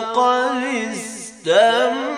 قد استمتع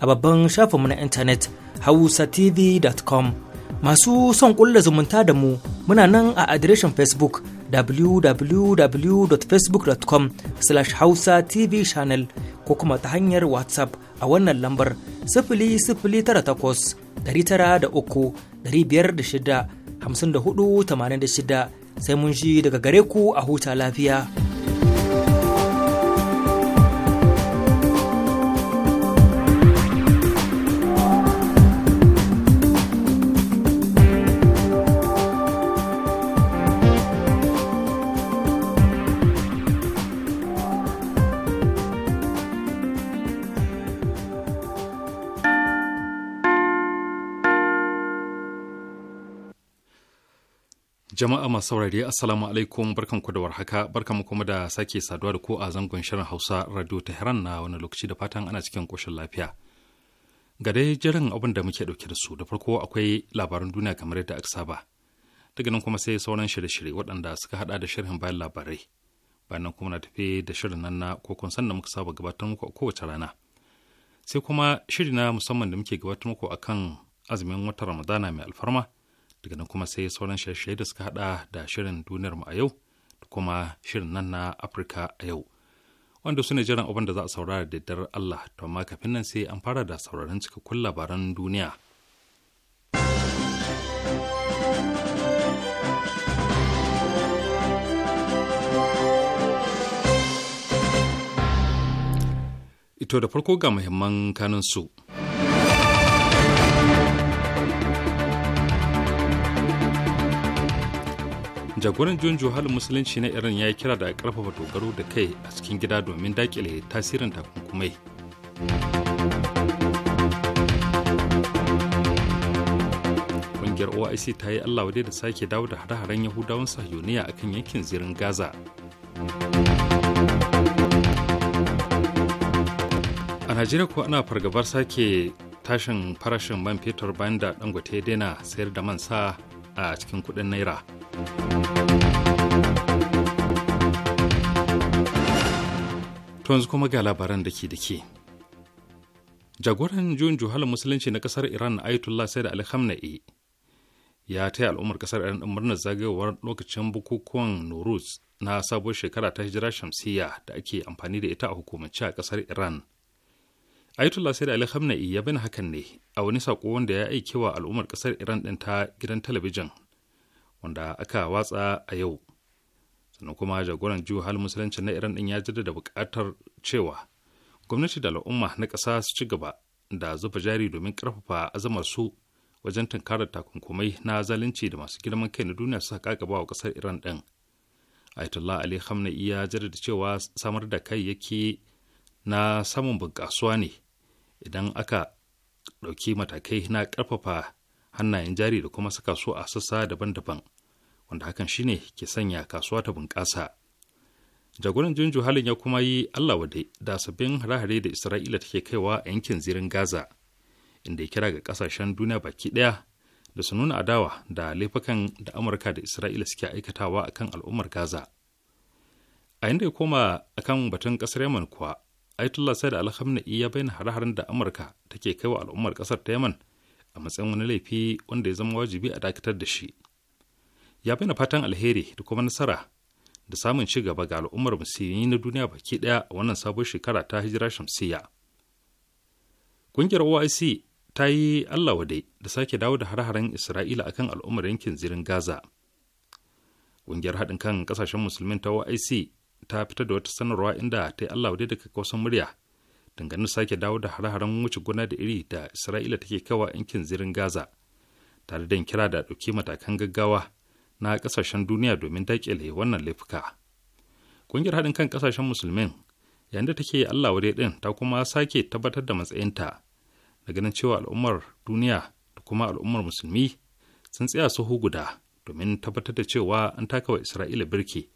a babban shafinmu na intanet hausatv.com masu son ƙulla zumunta da mu muna nan a adireshin facebook www.facebook.com slash hausa tv channel ko kuma ta hanyar whatsapp a wannan lambar sifili sifili tara takwas ɗari tara sai mun shi daga gare ku a huta lafiya. Jama'a masu saurare Assalamu alaikum barkanku da warhaka barkanku kuma da sake saduwa da ku a zangon shirin Hausa Radio Tehran na wani lokaci da fatan ana cikin koshin lafiya. Ga dai jiran abin da muke dauke da su da farko akwai labaran duniya kamar yadda aka saba. Daga nan kuma sai sauran shirye-shirye waɗanda suka hada da shirin bayan labarai. Bayan nan kuma na tafi da shirin nan na ko san sannan muka saba gabatar muku a kowace rana. Sai kuma shiri na musamman da muke gabatar muku akan azumin watan Ramadana mai alfarma. daga nan kuma sai sauran shirye da suka hada da shirin duniyar mu a yau da kuma shirin nan na afirka a yau wanda su ne jiran abin da za a saurara da daddar allah to amma kafin nan sai an fara da sauraron cikakkun labaran duniya ito da farko ga muhimman kanin su jagoran junju halin musulunci na iran ya yi kira da karfafa dogaro da kai a cikin gida domin dakile tasirin takunkumai ƙungiyar oic ta yi allah wadai da sake dawo da hare-haren yahudawan sahiyoniya a kan yankin zirin gaza a najeriya kuwa ana fargabar sake tashin farashin man fetur bayan da dangote daina sayar da man sa a cikin kuɗin naira to yanzu kuma ga labaran da ke da ke jagoran juyin juhalin musulunci na kasar iran ayatollah said ali khamenei ya taya al'ummar kasar iran din murnar zagayowar lokacin bukukuwan Nowruz na sabuwar shekara ta hijira shamsiyya da ake amfani da ita a hukumance a kasar iran Ayatollah Sayyid Ali Khamenei ya bani hakan ne a wani sako wanda ya aike wa al'ummar kasar Iran din ta gidan talabijin wanda aka watsa a yau. Sannan kuma jagoran juyin hali musulunci na Iran din ya jaddada buƙatar cewa gwamnati da al'umma na ƙasa su ci gaba da zuba jari domin ƙarfafa azamar su wajen tunkarar takunkumai na zalunci da masu girman kai na duniya suka gaba wa ƙasar Iran din. Ayatollah Ali Khamenei ya jaddada cewa samar da kayayyaki na samun bunƙasuwa ne idan aka ɗauki matakai na ƙarfafa hannayen jari da kuma saka su a sassa daban-daban wanda hakan shine ke sanya kasuwa ta bunƙasa jagoran junju halin ya kuma yi allah wade da sabbin hare-hare da isra'ila take kaiwa a yankin zirin gaza inda ya kira ga ƙasashen duniya baki ɗaya da su nuna adawa da laifukan da amurka da isra'ila suke aikatawa akan al'ummar gaza a inda ya koma akan batun ƙasar yaman kuwa Ayatollah Said Al-Khamenei ya bayyana hare-haren da Amurka take kai wa al'ummar ƙasar ta Yaman a matsayin wani laifi wanda ya zama wajibi a dakatar da shi. Ya bayyana fatan alheri da kuma nasara da samun ci gaba ga al'ummar musulmi na duniya baki ɗaya a wannan sabon shekara ta hijira shamsiya Ƙungiyar OIC ta yi Allah wade da sake dawo da hare-haren Isra'ila akan al'ummar yankin zirin Gaza. Ƙungiyar haɗin kan ƙasashen musulmin ta OIC ta fitar da wata sanarwa inda ta yi Allah da da wasan murya dangane sake dawo da hare-haren wuce gona da iri da Isra'ila take kawa yankin zirin Gaza tare da kira da ɗauki matakan gaggawa na ƙasashen duniya domin daƙile wannan laifuka. Ƙungiyar haɗin kan ƙasashen musulmin yayin da take Allah wadai ɗin ta kuma sake tabbatar da matsayinta da ganin cewa al'ummar duniya da kuma al'ummar musulmi sun tsaya sahu guda domin tabbatar da cewa an taka wa Isra'ila birki.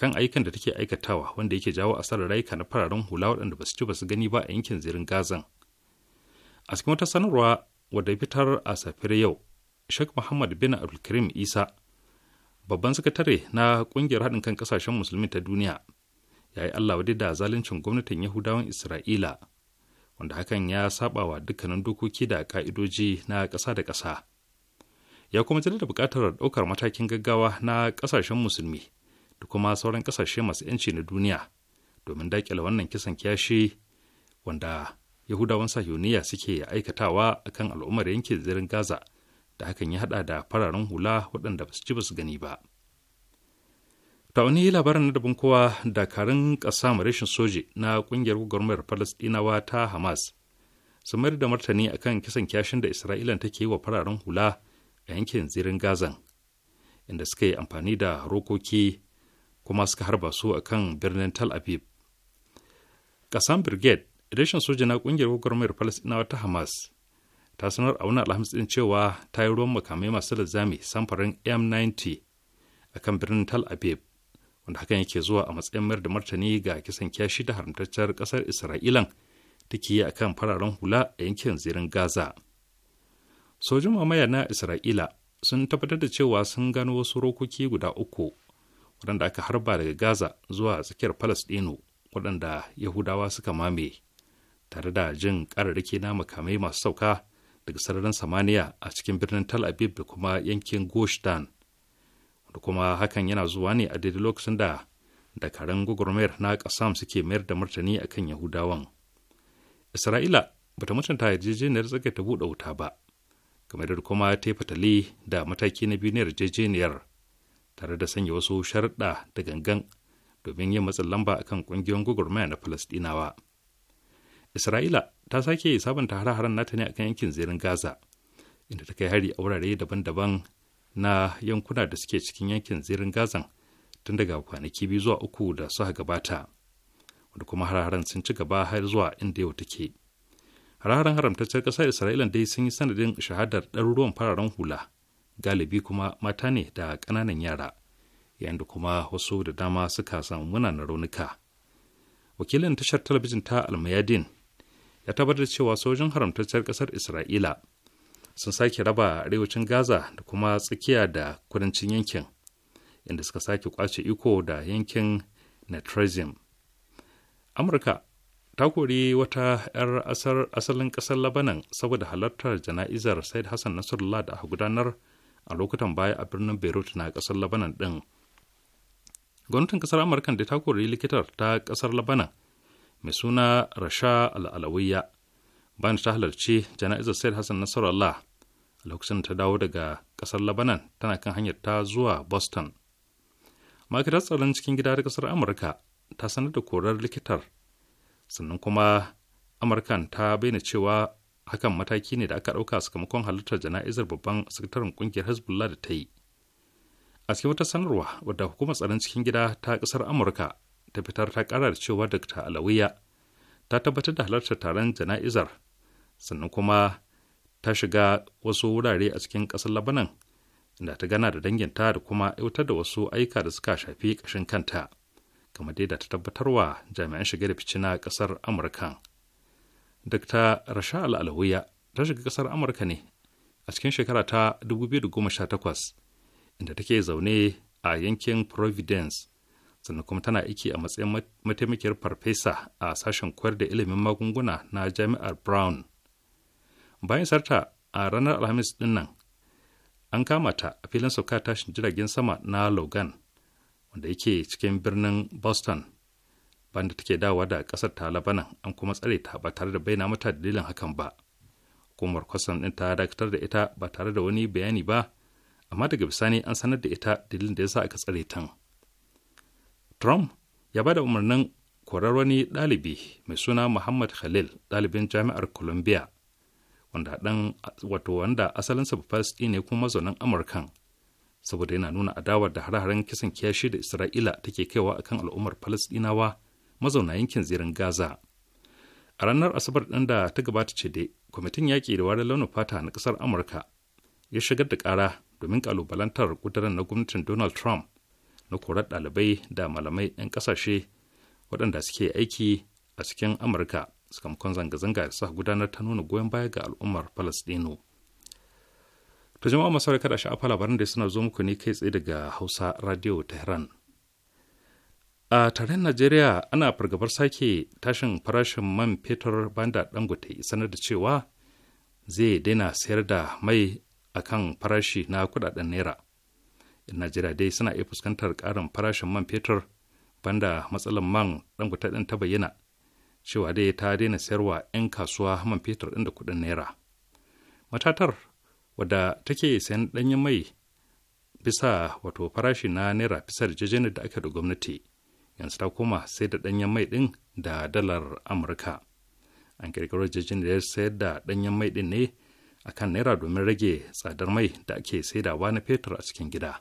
kan ayyukan da take aikatawa wanda yake jawo asarar rayuka na fararen hula waɗanda ba su ci ba su gani ba a yankin zirin gazan a cikin wata sanarwa wadda fitar a safiyar yau sheikh muhammad bin abdulkarim isa babban sakatare na kungiyar haɗin kan ƙasashen musulmi ta duniya ya yi allah wadai da zaluncin gwamnatin yahudawan isra'ila wanda hakan ya saba wa dukkanin dokoki da ka'idoji na ƙasa da ƙasa ya kuma jaddada buƙatar ɗaukar matakin gaggawa na ƙasashen musulmi da kuma sauran kasashe masu 'yanci na duniya domin daƙile wannan kisan kyashi wanda yahudawan sahiyoniya suke aikatawa akan al'ummar yankin zirin gaza da hakan ya hada da fararen hula waɗanda ba su ci ba su gani ba ta wani labarin na dabin kowa dakarun ƙasa rashin soji na ƙungiyar gwagwarmayar palestinawa ta hamas sun mayar da martani akan kisan kyashin da isra'ila take yi wa fararen hula a yankin zirin gazan inda suka yi amfani da rokoki kuma suka harba su a kan birnin Tal Aviv. Kasan Brigade, reshen soja na ƙungiyar gwagwarmayar Falasɗinawa ta Hamas, ta sanar a wani alhamis ɗin cewa ta yi ruwan makamai masu linzami samfarin M90 a kan birnin Tal Aviv, wanda hakan yake zuwa a matsayin mayar da martani ga kisan kyashi da haramtacciyar ƙasar Isra'ilan ke yi a kan fararen hula a yankin zirin Gaza. Sojin mamaya na Isra'ila sun tabbatar da cewa sun gano wasu rokoki guda uku waɗanda aka harba daga Gaza zuwa tsakiyar Falasɗinu waɗanda Yahudawa suka mame, tare da jin ƙararraki na makamai masu sauka daga sararin samaniya a cikin birnin Tal Aviv da kuma yankin goshtan Da kuma hakan yana zuwa ne a daidai lokacin da dakarun gwagwarmayar na ƙasam suke mayar da martani akan Yahudawan. Isra'ila bata mutunta yarjejeniyar ta buɗe wuta ba, kamar da kuma ta yi fatali da mataki na biyu na yarjejeniyar tare da sanya wasu sharɗa da gangan domin yin matsin lamba akan ƙungiyoyin gwagwarmaya na falastinawa Isra'ila ta sake sabunta har haren nata ne akan yankin zirin Gaza, inda ta kai hari a wurare daban-daban na yankuna da suke cikin yankin zirin Gazan tun daga kwanaki biyu zuwa uku da suka gabata, wanda kuma har haren sun ci gaba har zuwa inda yau take. har haren haramtaccen ƙasar Isra'ila dai sun yi sanadin shahadar ɗaruruwan fararen hula galibi kuma mata ne da ƙananan yara yadda kuma wasu da dama suka samu munanan raunuka wakilin tashar talabijin ta almayadin ya tabbatar cewa sojin haramtacciyar ƙasar isra'ila sun sake raba arewacin gaza da kuma tsakiya da kudancin yankin inda suka sake kwace iko da yankin netrezim amurka ta kori wata 'yar asalin ƙasar labanan saboda halartar jana'izar said hassan nasarullah da aka gudanar a lokutan baya a birnin beirut na kasar labanan din gwamnatin kasar amurka da ta kori likitar ta kasar labanan mai suna rasha al'alawiyya bayan ta halarci jana'izar said hassan nasarallah a lokacin ta dawo daga kasar labanan tana kan hanyar ta zuwa boston ma'aikatar tsaron cikin gida ta kasar amurka ta sanar da korar likitar sannan kuma amurkan ta bayyana cewa hakan mataki ne da aka ɗauka sakamakon halartar jana'izar babban sakataren ƙungiyar hezbollah da ta yi a cikin wata sanarwa wadda hukumar tsaron cikin gida ta ƙasar amurka ta fitar ta ƙara da cewa dr alawiya ta tabbatar da halartar taron jana'izar sannan kuma ta shiga wasu wurare a cikin ƙasar labanan da ta gana da danginta da kuma aiwatar da wasu aika da suka shafi ƙashin kanta kamar dai da ta tabbatarwa jami'an shiga da fice na ƙasar amurkan. Dr. Rasha Al'alawiya ta shiga ƙasar Amurka ne a cikin shekara ta 2018 inda take zaune a yankin Providence sannan kuma tana aiki a matsayin mataimakiyar farfesa a sashen koyar da ilimin magunguna na jami'ar Brown. Bayan sarta a ranar Alhamis din nan an kama ta a filin sauka tashin jiragen sama na Logan wanda yake cikin birnin Boston banda take dawowa da kasar ta labanan an kuma tsare ta ba tare da baina mata dalilin hakan ba hukumar kwastam din ta dakatar da ita ba tare da wani bayani ba amma daga bisani an sanar da ita dalilin da ya sa aka tsare tan trump ya ba da umarnin korar wani ɗalibi mai suna muhammad khalil ɗalibin jami'ar columbia wanda dan wato wanda asalinsa bafasti ne kuma mazaunin amurka saboda yana nuna adawar da hare-haren kisan kiyashi da isra'ila take kaiwa akan al'ummar falastinawa mazauna yankin zirin gaza a ranar asabar ɗin da ta gabata ce dai kwamitin yaƙi da warin launin fata na ƙasar amurka ya shigar da ƙara domin ƙalubalantar ƙudurin na gwamnatin donald trump na korar ɗalibai da malamai 'yan ƙasashe waɗanda suke aiki a cikin amurka sakamakon zanga-zanga da suka gudanar ta nuna goyon baya ga al'ummar palestino ta jama'a masarar kada sha'afa labaran da suna zo muku ne kai tsaye daga hausa radio tehran a taron najeriya ana fargabar sake tashin farashin man fetur banda dangote sanar da cewa zai daina sayar da mai a kan farashi na kudaden naira in najeriya dai suna iya fuskantar karin farashin man fetur banda matsalar man dangote ɗin ta bayyana cewa dai ta daina sayarwa 'yan kasuwa man fetur ɗin da kudin naira matatar wadda take sayan ɗanyen mai bisa wato farashi na naira bisa da da ake da gwamnati yanzu ta koma sai da ɗanyen mai ɗin da dalar amurka an kirkiro yarjejeniyar sayar da ɗanyen mai ɗin ne a kan naira domin rage tsadar mai da ake saidawa na fetur a cikin gida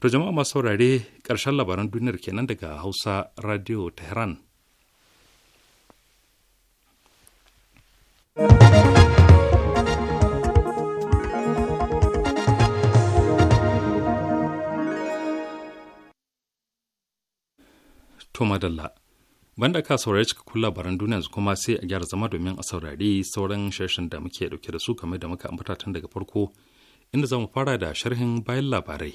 to jama'a masu saurare karshen labaran duniyar kenan daga hausa radio tehran To madalla. Banda ka saurari cikakkun labaran duniya yanzu kuma sai a gyara zama domin a saurari sauran shirshen da muke dauke da su kamar da muka ambata tun daga farko inda za mu fara da sharhin bayan labarai.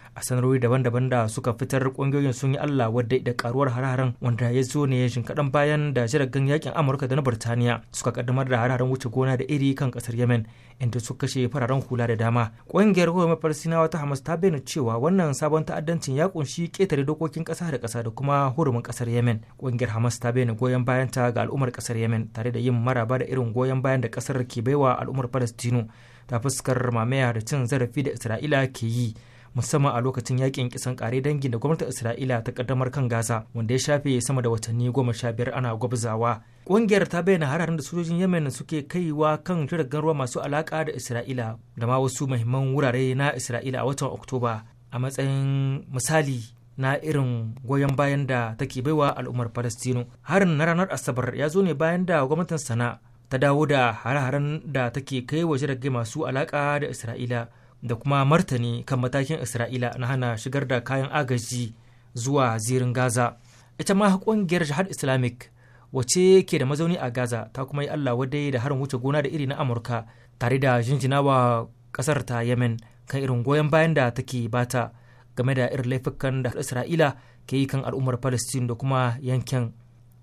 a sanarwar daban-daban da suka fitar kungiyoyin sun yi allah wadda da karuwar hare wanda ya zo ne shin kadan bayan da jiragen yakin amurka da na birtaniya suka kaddamar da hare wuce gona da iri kan kasar yemen inda suka kashe fararen hula da dama kungiyar hukumar farsinawa ta hamas ta bayyana cewa wannan sabon ta'addancin ya kunshi ketare dokokin kasa da kasa da kuma hurumin kasar yemen kungiyar hamas ta bayyana goyon ta ga al'ummar kasar yemen tare da yin maraba da irin goyon bayan da kasar ke baiwa al'ummar palestino ta fuskar mamaya da cin zarafi da isra'ila ke yi musamman a lokacin yakin kisan kare dangi da gwamnatin isra'ila ta kaddamar kan gaza wanda ya shafe sama da watanni goma sha biyar ana gwabzawa ƙungiyar ta bayyana hararin da sojojin yemen suke kaiwa kan jiragen ruwa masu alaka da isra'ila da ma wasu muhimman wurare na isra'ila a watan oktoba a matsayin misali na irin goyon bayan da take baiwa al'ummar palestino harin na ranar asabar ya zo ne bayan da gwamnatin sana ta dawo da hare-haren da take kai wa jirage masu alaka da isra'ila da kuma martani kan matakin isra'ila na hana shigar da kayan agaji zuwa zirin gaza ita ma ƙungiyar jihar islamic wace ke da mazauni a gaza ta kuma yi allah wadai da harin wuce gona da iri na amurka tare da jinjinawa kasar ta yemen kan irin goyon bayan da take bata game da irin laifukan da isra'ila ke yi kan al'ummar palestine da kuma yankin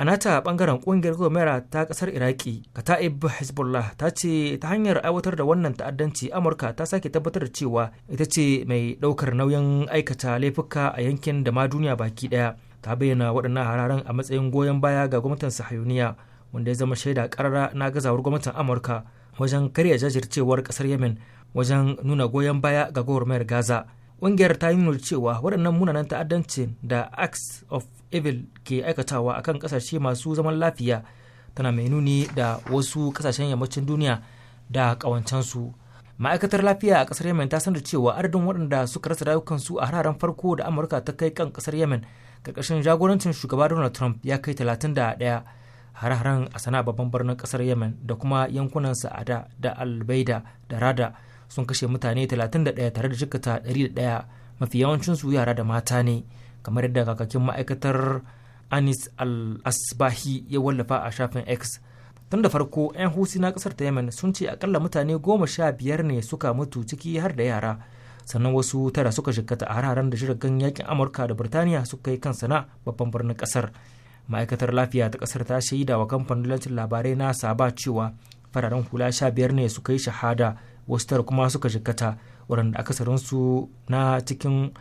a nata bangaren kungiyar gomera ta kasar iraki kata'ib hezbollah ta ce ta hanyar aiwatar da wannan ta'addanci amurka ta sake tabbatar da cewa ita ce mai daukar nauyin aikata laifuka a yankin da ma duniya baki daya ta bayyana waɗannan hararen a matsayin goyon baya ga gwamnatin sahuniya wanda ya zama shaida karara na gazawar gwamnatin amurka wajen karya jajircewar kasar yemen wajen nuna goyon baya ga gwamnatin gaza ƙungiyar ta yi nuna cewa waɗannan munanan ta'addancin da acts of evil ke aikatawa akan kasashe masu zaman lafiya tana mai nuni da wasu kasashen yammacin duniya da ƙawancensu ma'aikatar lafiya a kasar yemen ta sanar cewa adadin waɗanda suka rasa rayukansu a hararen farko da amurka ta kai kan ƙasar yemen ƙarƙashin jagorancin shugaba donald trump ya kai 31 hare haren a sana babban birnin kasar yemen da kuma yankunan sa'ada da albaida da rada sun kashe mutane 31 tare da jikata 101 mafi yawancinsu yara da mata ne kamar yadda kakakin ma'aikatar anis al-asbahi ya wallafa a shafin x tun da farko 'yan husi na kasar ta yemen sun ce akalla mutane goma sha biyar ne suka mutu ciki har da yara sannan wasu tara suka jikkata a hararen da jiragen yakin amurka da birtaniya suka yi kan na babban birnin kasar ma'aikatar lafiya ta kasar ta shaida wa kamfanin labarai na saba cewa fararen hula sha biyar ne suka yi shahada wasu tara kuma suka jikkata waɗanda akasarinsu na cikin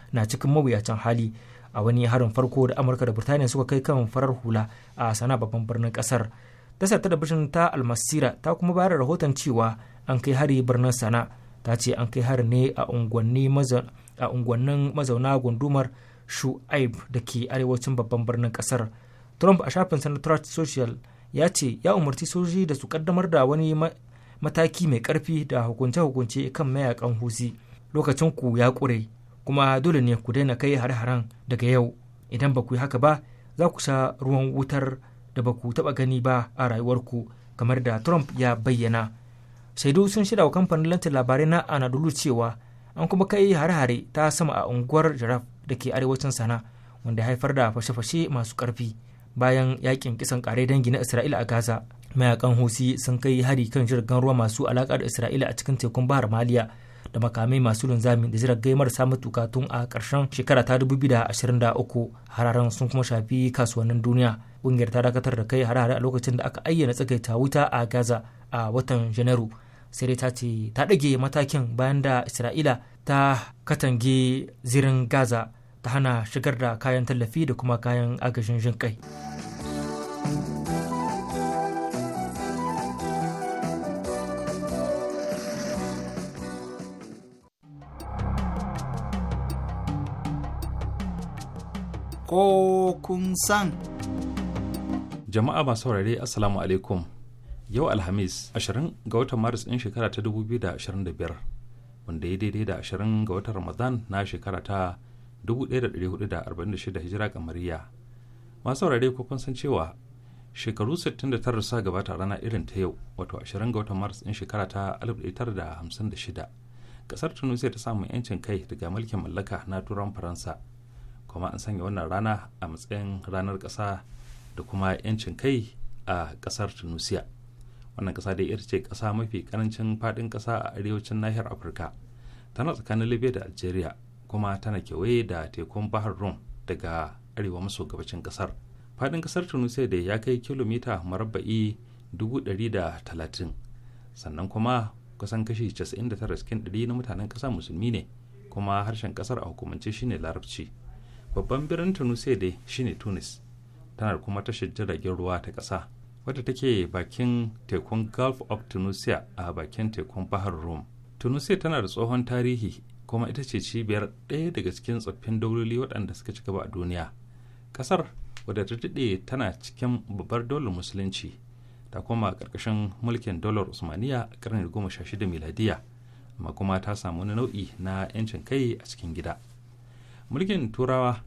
mawuyacin hali a wani harin farko da amurka da burtaniya suka kai kan farar hula a sana babban birnin kasar tasar talabijin ta almasira ta kuma bayar da rahoton cewa an kai hari birnin sana ta ce an kai hari ne a unguwannin mazauna gundumar shu'aib da ke arewacin babban birnin kasar trump a shafin sanatorat social ya ce ya umarci sojoji da su kaddamar da wani mataki mai karfi da hukunce-hukunce kan mayakan husi lokacin ku ya kure kuma dole ne ku daina kai hare-haren daga yau idan ba ku yi haka ba za ku sha ruwan wutar da ba ku taɓa gani ba a rayuwarku kamar da trump ya bayyana shaidu sun shida wa kamfanin lantin labarai na anadolu cewa an kuma kai hare-hare ta sama a unguwar jaraf da ke arewacin sana wanda haifar da fashe-fashe masu ƙarfi bayan yakin kisan kare dangi na isra'ila a gaza mayakan husi sun kai hari kan jirgin ruwa masu alaƙa da isra'ila a cikin tekun bahar maliya da makamai masu linzami da jiragai marasa matuka tun a ƙarshen shekara ta uku hararen sun kuma shafi kasuwannin duniya ƙungiyar ta dakatar da kai harare a lokacin da aka ayyana tsagaita wuta a gaza a watan janairu sai dai ta ce ta ɗage matakin bayan da isra'ila ta katange zirin gaza ta hana shigar da kayan tallafi da kuma kayan agajin jin kai. ko kun san. Jama'a masu saurare Assalamu alaikum. Yau Alhamis 20 ga watan Maris ɗin shekara ta 2025 wanda ya daidai da 20 ga watan Ramadan na shekara ta 1446 hijira kamariya. Masu saurare ko kun san cewa shekaru 69 sa gabata rana irin ta yau wato 20 ga watan Maris ɗin shekara ta 1956 kasar Tunisia ta samu 'yancin kai daga mulkin mallaka na turan Faransa. kuma an sanya wannan rana a matsayin ranar ƙasa da kuma 'yancin kai a ƙasar tunisia wannan ƙasa da ita ce ƙasa mafi ƙarancin faɗin ƙasa a arewacin nahiyar afirka tana tsakanin libya da algeria kuma tana kewaye da tekun bahar rum daga arewa maso gabacin ƙasar faɗin ƙasar tunisia da ya kai kilomita marabba'i 130 sannan kuma kusan kashi 99 cikin 100 na mutanen ƙasa musulmi ne kuma harshen ƙasar a hukumance shine larabci babban birnin tunisia dai shine tunis tana kuma tashar jiragen ruwa ta ƙasa wadda take bakin tekun gulf of tunisia a bakin tekun bahar rome tunisia tana da tsohon tarihi kuma ita ce cibiyar ɗaya daga cikin tsoffin dauloli waɗanda suka ci gaba a duniya ƙasar wadda ta daɗe tana cikin babbar dolar musulunci ta koma ƙarƙashin mulkin dolar usmaniya a ƙarni goma sha shida miladiya amma kuma ta samu wani nau'i na 'yancin kai a cikin gida mulkin turawa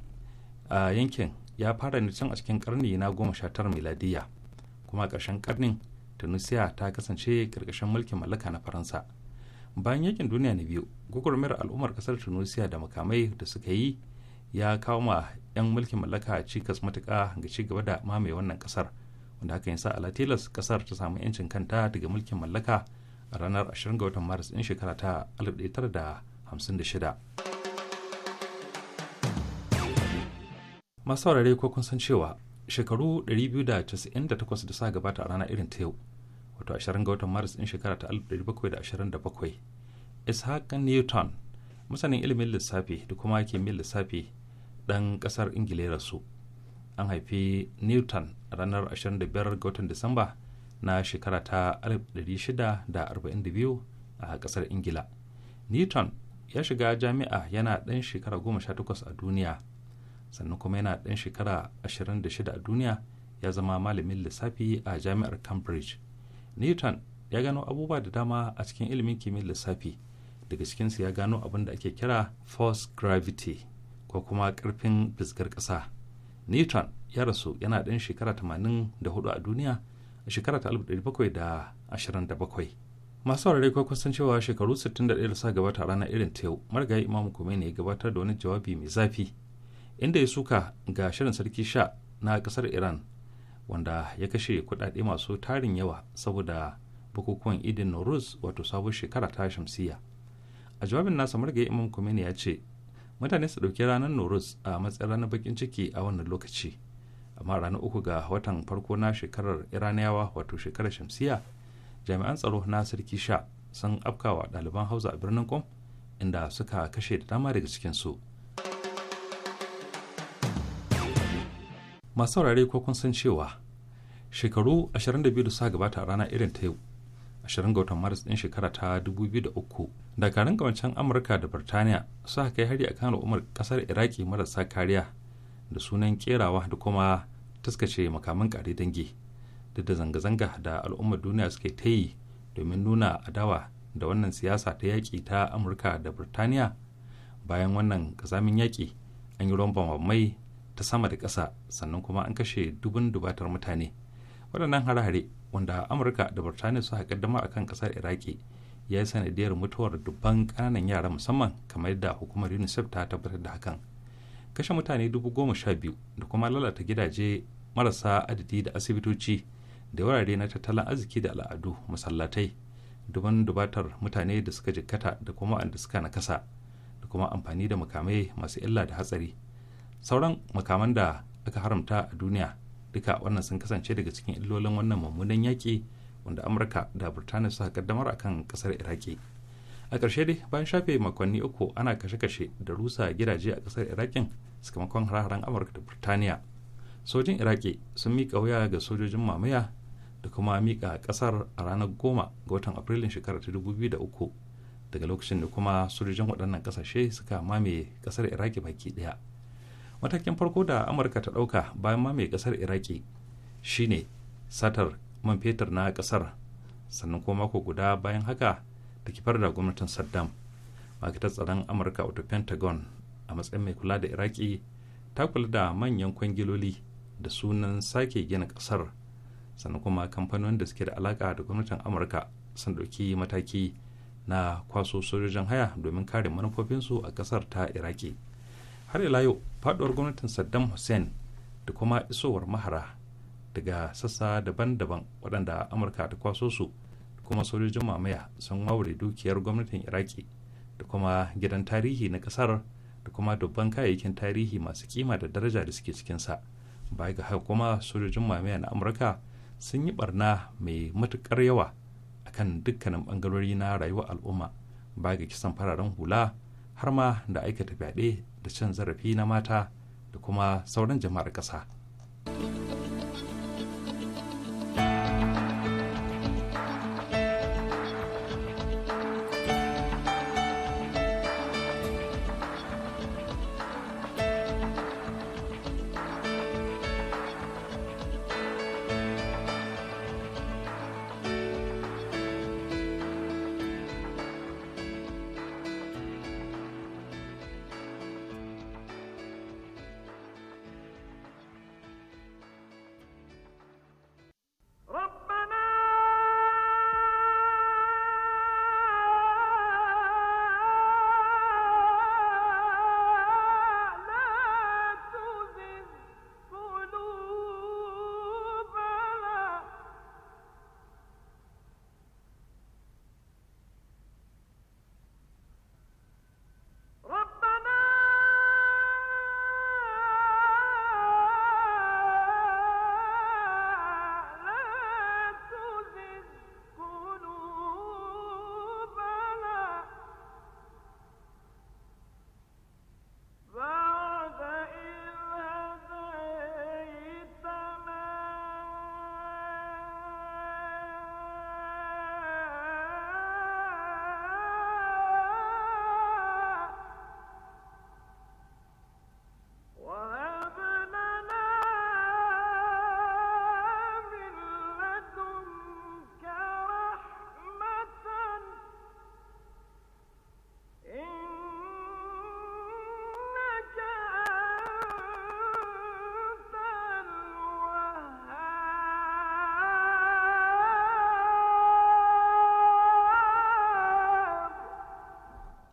a yankin ya fara ne can a cikin karni na goma sha tara miladiya kuma a ƙarshen karnin tunisia ta kasance ƙarƙashin mulkin mallaka na faransa bayan yakin duniya na biyu gwagwarmayar al'ummar ƙasar tunisia da makamai da suka yi ya kawo ma 'yan mulkin mallaka cikas matuka ga ci gaba da mamaye wannan ƙasar wanda hakan yasa alatilas ƙasar ta samu 'yancin kanta daga mulkin mallaka a ranar 20 ga watan maris ɗin shekara ta 1956 masu saurare ko kun san cewa shekaru 298 da suka gabata a rana irin ta yau wato 20 ga watan maris din shekara ta 1727 ishaq newton masanin ilimin lissafi da kuma mil lissafi dan kasar ingila ya rasu an haifi newton a ranar 25 ga watan disamba na shekara ta 1642 a kasar ingila newton ya shiga jami'a yana dan shekara 18 a duniya sannan kuma yana ɗan shekara 26 a duniya ya zama malamin lissafi a jami'ar cambridge newton ya gano abubuwa da dama a cikin ilimin kimiyyar lissafi daga cikinsu ya gano abin da ake kira force gravity ko kuma ƙarfin fisgar ƙasa newton ya rasu yana ɗan shekara 84 a duniya a shekara ta 1727 masu saurare kwa kusan cewa shekaru 61 da sa gabata ranar irin ta yau imamu kome ne ya gabatar da wani jawabi mai zafi inda ya suka ga shirin sarki sha na kasar iran wanda ya kashe kudade masu tarin yawa saboda bukukuwan idin noruz wato sabon shekara ta shamsiya a jawabin nasa marga imam khomeini ya ce mutane su dauki ranar noruz a matsayin ranar bakin ciki a wannan lokaci amma ranar uku ga watan farko na shekarar iraniyawa wato shekarar shamsiya jami'an tsaro na sarki sha sun afkawa ɗaliban hausa a birnin kom inda suka kashe da dama daga cikinsu masu saurare ko kun san cewa shekaru 22 da suka gabata a rana irin ta yau 20 ga watan maris din shekara ta 2003 dakarun gabancin amurka da birtaniya suka kai hari akan al'ummar kasar iraki marasa kariya da sunan kerawa da kuma taskace makaman kare dangi duk da zanga-zanga da al'ummar duniya suke ta yi domin nuna adawa da wannan siyasa ta yaƙi ta amurka da birtaniya bayan wannan ƙazamin yaƙi an yi romba mai ta sama da ƙasa sannan kuma an kashe dubun dubatar mutane waɗannan hare-hare wanda amurka da burtaniya suka kaddama a kan ƙasar iraki ya yi sanadiyar mutuwar dubban ƙananan yara musamman kamar yadda hukumar unicef ta tabbatar da hakan kashe mutane dubu goma sha biyu da kuma lalata gidaje marasa adadi da asibitoci da wurare na tattalin arziki da al'adu masallatai duban dubatar mutane da suka jikkata da kuma wanda suka nakasa da kuma amfani da mukamai masu illa da hatsari sauran makaman da aka haramta a duniya duka wannan sun kasance daga cikin illolin wannan mummunan yaƙi wanda amurka da su suka kaddamar a kan ƙasar iraki a ƙarshe dai bayan shafe makonni uku ana kashe-kashe da rusa gidaje a ƙasar irakin sakamakon hare-haren amurka da birtaniya sojin iraki sun mika wuya ga sojojin mamaya da kuma miƙa ƙasar a ranar goma ga watan afrilun shekarar ta dubu biyu da uku daga lokacin da kuma sojojin waɗannan ƙasashe suka mamaye ƙasar iraki baki ɗaya matakin farko da amurka ta ɗauka bayan ma mai ƙasar iraki shine satar man fetur na ƙasar sannan kuma mako guda bayan haka ta kifar da gwamnatin saddam ma'aikatar tsaron amurka wato pentagon a matsayin mai kula da iraki ta kula da manyan kwangiloli da sunan sake gina ƙasar sannan kuma kamfanonin da suke da alaka da gwamnatin amurka sun ɗauki mataki na kwaso sojojin haya domin kare manufofinsu a ƙasar ta iraki har ila yau faduwar gwamnatin saddam hussein da kuma isowar mahara daga sassa daban-daban waɗanda amurka ta kwaso su kuma sojojin mamaya sun maure dukiyar gwamnatin iraki da kuma gidan tarihi na ƙasar da kuma dubban kayayyakin tarihi masu kima da daraja da suke cikinsa baya ga haka kuma sojojin mamaya na amurka sun yi barna mai matuƙar yawa akan dukkanin bangarori na rayuwar al'umma baya ga kisan fararen hula har ma da aikata fyaɗe da cin zarafi na mata da kuma sauran jama'ar ƙasa.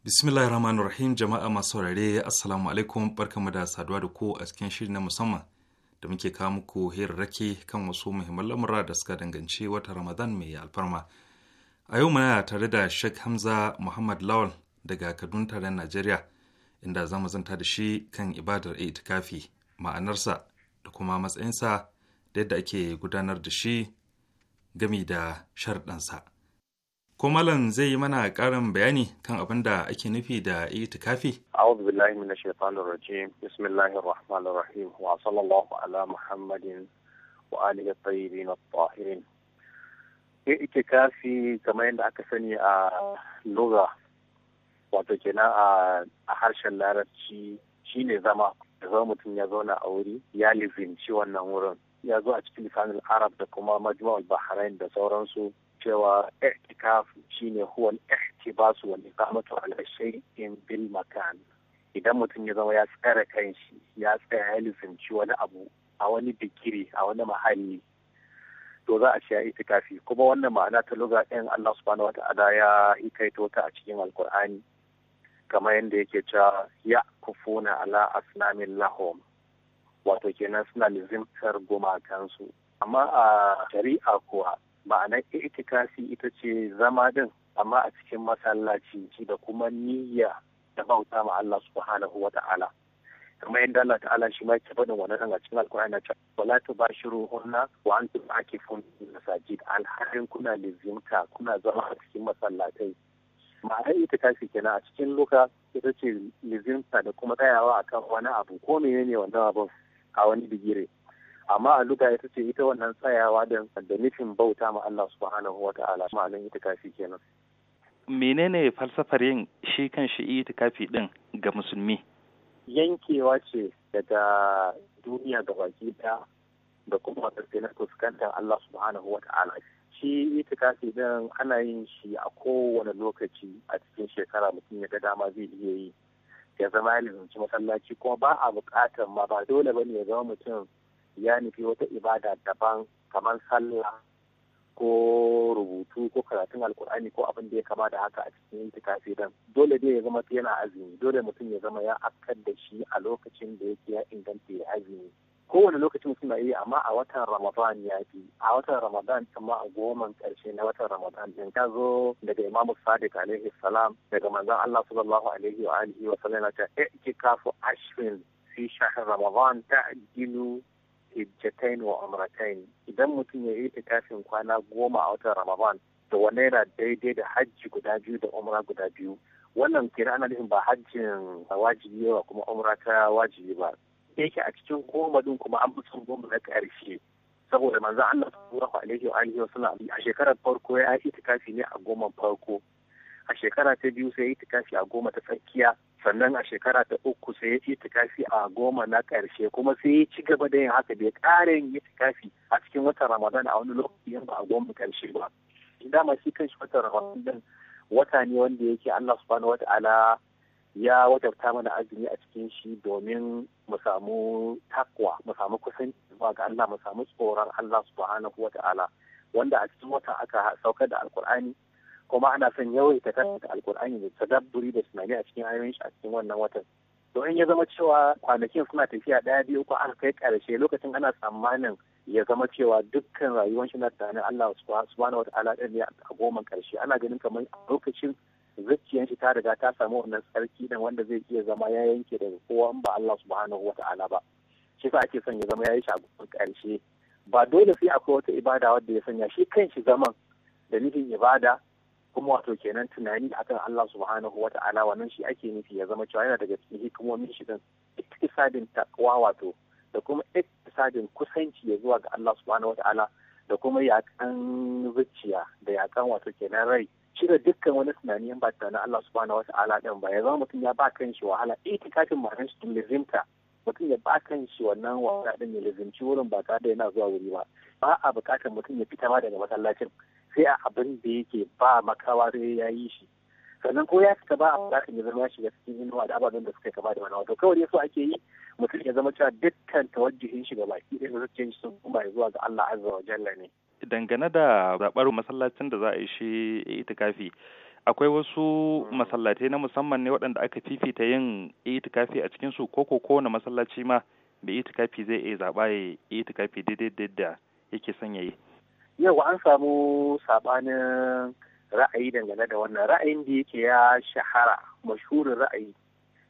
Bismillahir Rahmanir Rahim jama'a masu saurare Assalamu alaikum barkamu da saduwa da ku a cikin shiri na musamman da muke kawo muku hirarraki kan wasu muhimman lamura da suka danganci wata Ramadan mai alfarma. A yau muna tare da Sheikh Hamza Muhammad Lawal daga Kaduna tare Najeriya inda za mu zanta da shi kan ibadar itikafi ma'anarsa da kuma matsayinsa da yadda ake gudanar da shi gami da sharɗansa. ko malam zai yi mana ƙarin bayani kan abin da ake nufi da itikafi a'udhu billahi minash shaitanir rajim bismillahir rahmanir rahim wa sallallahu ala muhammadin wa alihi at-tayyibin at-tahirin itikafi kamar yadda aka sani a lugha wato kenan a harshen larabci shine zama zama mutum ya zauna a wuri ya lizinci wannan wurin ya zo a cikin lisanin arab da kuma majmu'ul bahrain da sauransu cewa i'tikaf shine huwa al-ihtibas wal iqamatu ala shay'in bil makan idan mutum ya zama ya tsare kanshi ya tsaya ya lisanci wani abu a wani bikiri, a wani mahalli to za a shiya kuma wannan ma'ana ta luga ɗin Allah subhanahu ta'ala ya hikaito ta a cikin alkur'ani kamar yadda yake cewa ya kufuna ala asnamin lahom wato kenan suna lizimtar gumakansu amma a shari'a kuwa ma'anar itikasi ita ce zama din amma a cikin masallaci da kuma niyya da bauta ma Allah subhanahu wa ta'ala kamar yadda Allah ta'ala shi ma yake faɗin wannan a cikin alkur'ani na cewa wala hunna wa antum akifun fil masajid alharin kuna lizimta kuna zama a cikin masallatai ma'anar itikafi kenan a cikin luka ita ce lizimta da kuma tsayawa akan wani abu ko menene wannan abun a wani digiri? amma a luka ita ce ita wannan tsayawa da nufin bauta ma Allah subhanahu wa ta'ala ma'anin itikafi kenan menene falsafar yin shi kan shi itikafi din ga musulmi yankewa ce daga duniya ga baki da da kuma ƙarfe na fuskantar Allah subhanahu wa ta'ala shi itikafi din ana yin shi a kowane lokaci a cikin shekara mutum ya ga dama zai iya yi ya zama ya masallaci kuma ba a buƙatar ma ba dole bane ya zama mutum ya nufi wata ibada daban kamar sallah ko rubutu ko karatun alkur'ani ko abin da ya kama da haka a cikin intikafi dan dole dai ya zama yana azumi dole mutum ya zama ya akkar da shi a lokacin da yake ya inganta ya azumi kowane lokacin suna yi amma a watan ramadan ya fi a watan ramadan kuma a goman karshe na watan ramadan din ta zo daga imamu sadiq alaihi salam daga manzon allah sallallahu alaihi wa alihi wa sallam ta kafu ashrin fi shahr ramadan ta'dilu hijjatain wa umratain idan mutum ya yi itikafin kwana goma a watan ramadan da wannan yana daidai da hajji guda biyu da umra guda biyu wannan kira ana nufin ba hajjin wajibi ba kuma umra ta wajibi ba yake a cikin goma din kuma an fi goma na ƙarshe saboda manzo Allah sallallahu alaihi wa sallam a shekarar farko ya yi itikafi ne a goma farko a shekara ta biyu sai ya tikafi a goma ta tsakiya sannan a shekara ta uku sai ya tikafi a goma na ƙarshe kuma sai ya ci gaba da yin haka bai ƙara yin tikafi a cikin watan ramadan a wani lokaci ba a goma ƙarshe ba dama shi kan shi watan ramadan wata ne wanda yake allah subhanahu wataala ya wajabta mana azumi a cikin shi domin mu samu takwa mu samu kusanci zuwa ga allah mu samu tsoron allah subhanahu wataala wanda a cikin wata aka saukar da alkur'ani kuma ana son yawaita karanta mm. alkur'ani da tadabburi da tunani a cikin ayoyin shi a cikin wannan watan domin ya zama cewa kwanakin suna tafiya ɗaya biyu ko aka kai karshe lokacin ana tsammanin ya zama cewa dukkan rayuwar shi na tunanin Allah subhanahu wataala ɗin ne a goma karshe ana ganin kamar lokacin zuciyar shi ta riga ta samu wannan tsarki dan wanda zai iya zama ya yanke daga kowa ba Allah subhanahu wataala ba shi sa ake son ya zama ya yi shi a goma ƙarshe ba dole sai akwai wata ibada wadda ya sanya shi kan shi zaman da nufin ibada kuma wato kenan tunani akan Allah subhanahu wa ta'ala wannan shi ake nufi ya zama cewa yana daga cikin hikimomin shi din iktisadin takwa wato da kuma iktisadin kusanci ya zuwa ga Allah subhanahu wa ta'ala da kuma yakan zuciya da yakan wato kenan rai cire dukkan wani tunani ba ta na Allah subhanahu ta'ala din ba ya zama mutum ya ba kan shi wahala itikafin ma'anar shi lizimta mutum ya ba kan shi wannan wahala din ya lizimci wurin ba tare da yana zuwa wuri ba ba a bukatar mutum ya fita ma daga masallacin sai a abin da yake ba makawa sai ya yi shi sannan ko ya fita ba a bukatar ya zama ya shiga cikin inuwa da ababen da suka kama da wani wato kawai so ake yi mutum ya zama cewa dukkan tawajjuhin shi baki ɗaya da zuciyar shi sun kuma zuwa ga Allah azza wa jalla ne dangane da zaɓar masallacin da za a yi shi itikafi akwai wasu masallatai na musamman ne waɗanda aka fifita yin itikafi a cikin su ko ko kowane masallaci ma da itikafi zai iya zaɓa ya itikafi daidai da yake son ya yi yau an samu sabanin ra'ayi dangane da wannan ra'ayin da yake ya shahara mashhurin ra'ayi